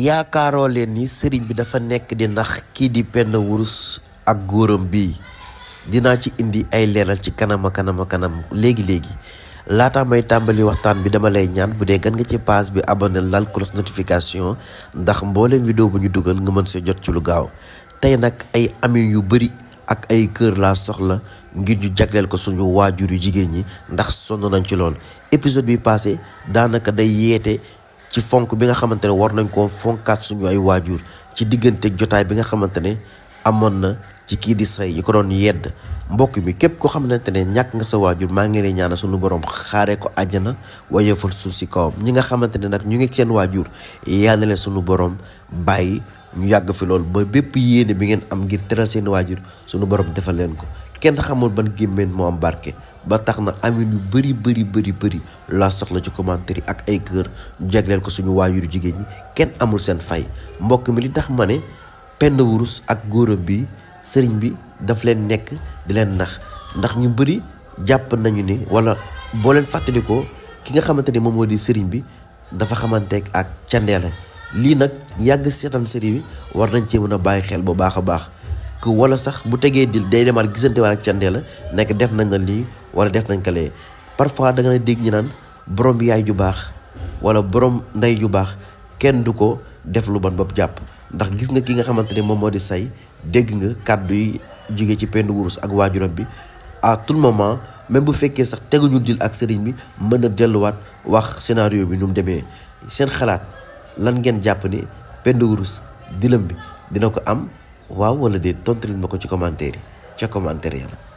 yaakaaroo leen ni sëriñ bi dafa nekk di nax kii di Penda Wurus ak góoram bii dinaa ci indi ay leeral ci kanama kanama kanam léegi léegi laata may tàmbali waxtaan bi dama lay ñaan bu dee gan nga ci page bi abonné lal cloche notification ndax mboolem vidéo bu ñu dugal nga mën see jot ci lu gaaw tey nag ay amin yu bëri ak ay kër laa soxla ngir ñu jagleel ko suñu waajur yu jigéen ñi ndax sonn nañ ci lool épisode bi passé daanaka day yeete ci fonk bi nga xamante ne war nañ koo fonkaat suñu ay waajur ci diggante jotaay bi nga xamante ne amoon na ci kii di say ñu ko doon yedd mbokk mi képp ko xamante ne ñàkk nga sa waajur maa ngi lay ñaana suñu borom xaare ko àjjana wayefal suuf si kawam ñi nga xamante ne nag ñu ngi seen waajur yàlla leen suñu borom bàyyi ñu yàgg fi loolu ba bépp yéene bi ngeen am ngir teral seen waajur suñu borom defal leen ko kenn xamul ban gémmeen moo am barke ba tax na amin yu bëri bëri bëri bari laa soxla ci commentaire yi ak ay kër jegleel ko suñu waajuru jigéen ñi kenn amul seen fay mbokk mi li tax ma ne Penda Wurus ak góoram bi sëriñ bi daf leen nekk di leen nax ndax ñu bëri jàpp nañu ni wala boo leen fàttalikoo ki nga xamante ne moom moo di sëriñ bi dafa xamanteeg ak candeele lii nag yàgg seetaan série bi war nañ cee mën a bàyyi xel bu baax a baax nekk wala sax bu tegee dil day demaat gisante wala ak candee la nekk def nañ la lii wala def nañ kalee parfois da nga dégg ñu naan borom yaay ju baax wala borom ndey ju baax kenn du ko def lu ban bopp jàpp ndax gis nga ki nga xamante ne moom moo di say dégg nga kàddu yi jóge ci pendu wurus ak waajuram bi à tout moment même bu fekkee sax teguñu dil ak sëriñ bi mën na delluwaat wax sénario bi nu mu demee seen xalaat lan ngeen jàpp ni pendu wurus waaw wala déet tontu leen ma ko ci commentaire yi ca commentaire yam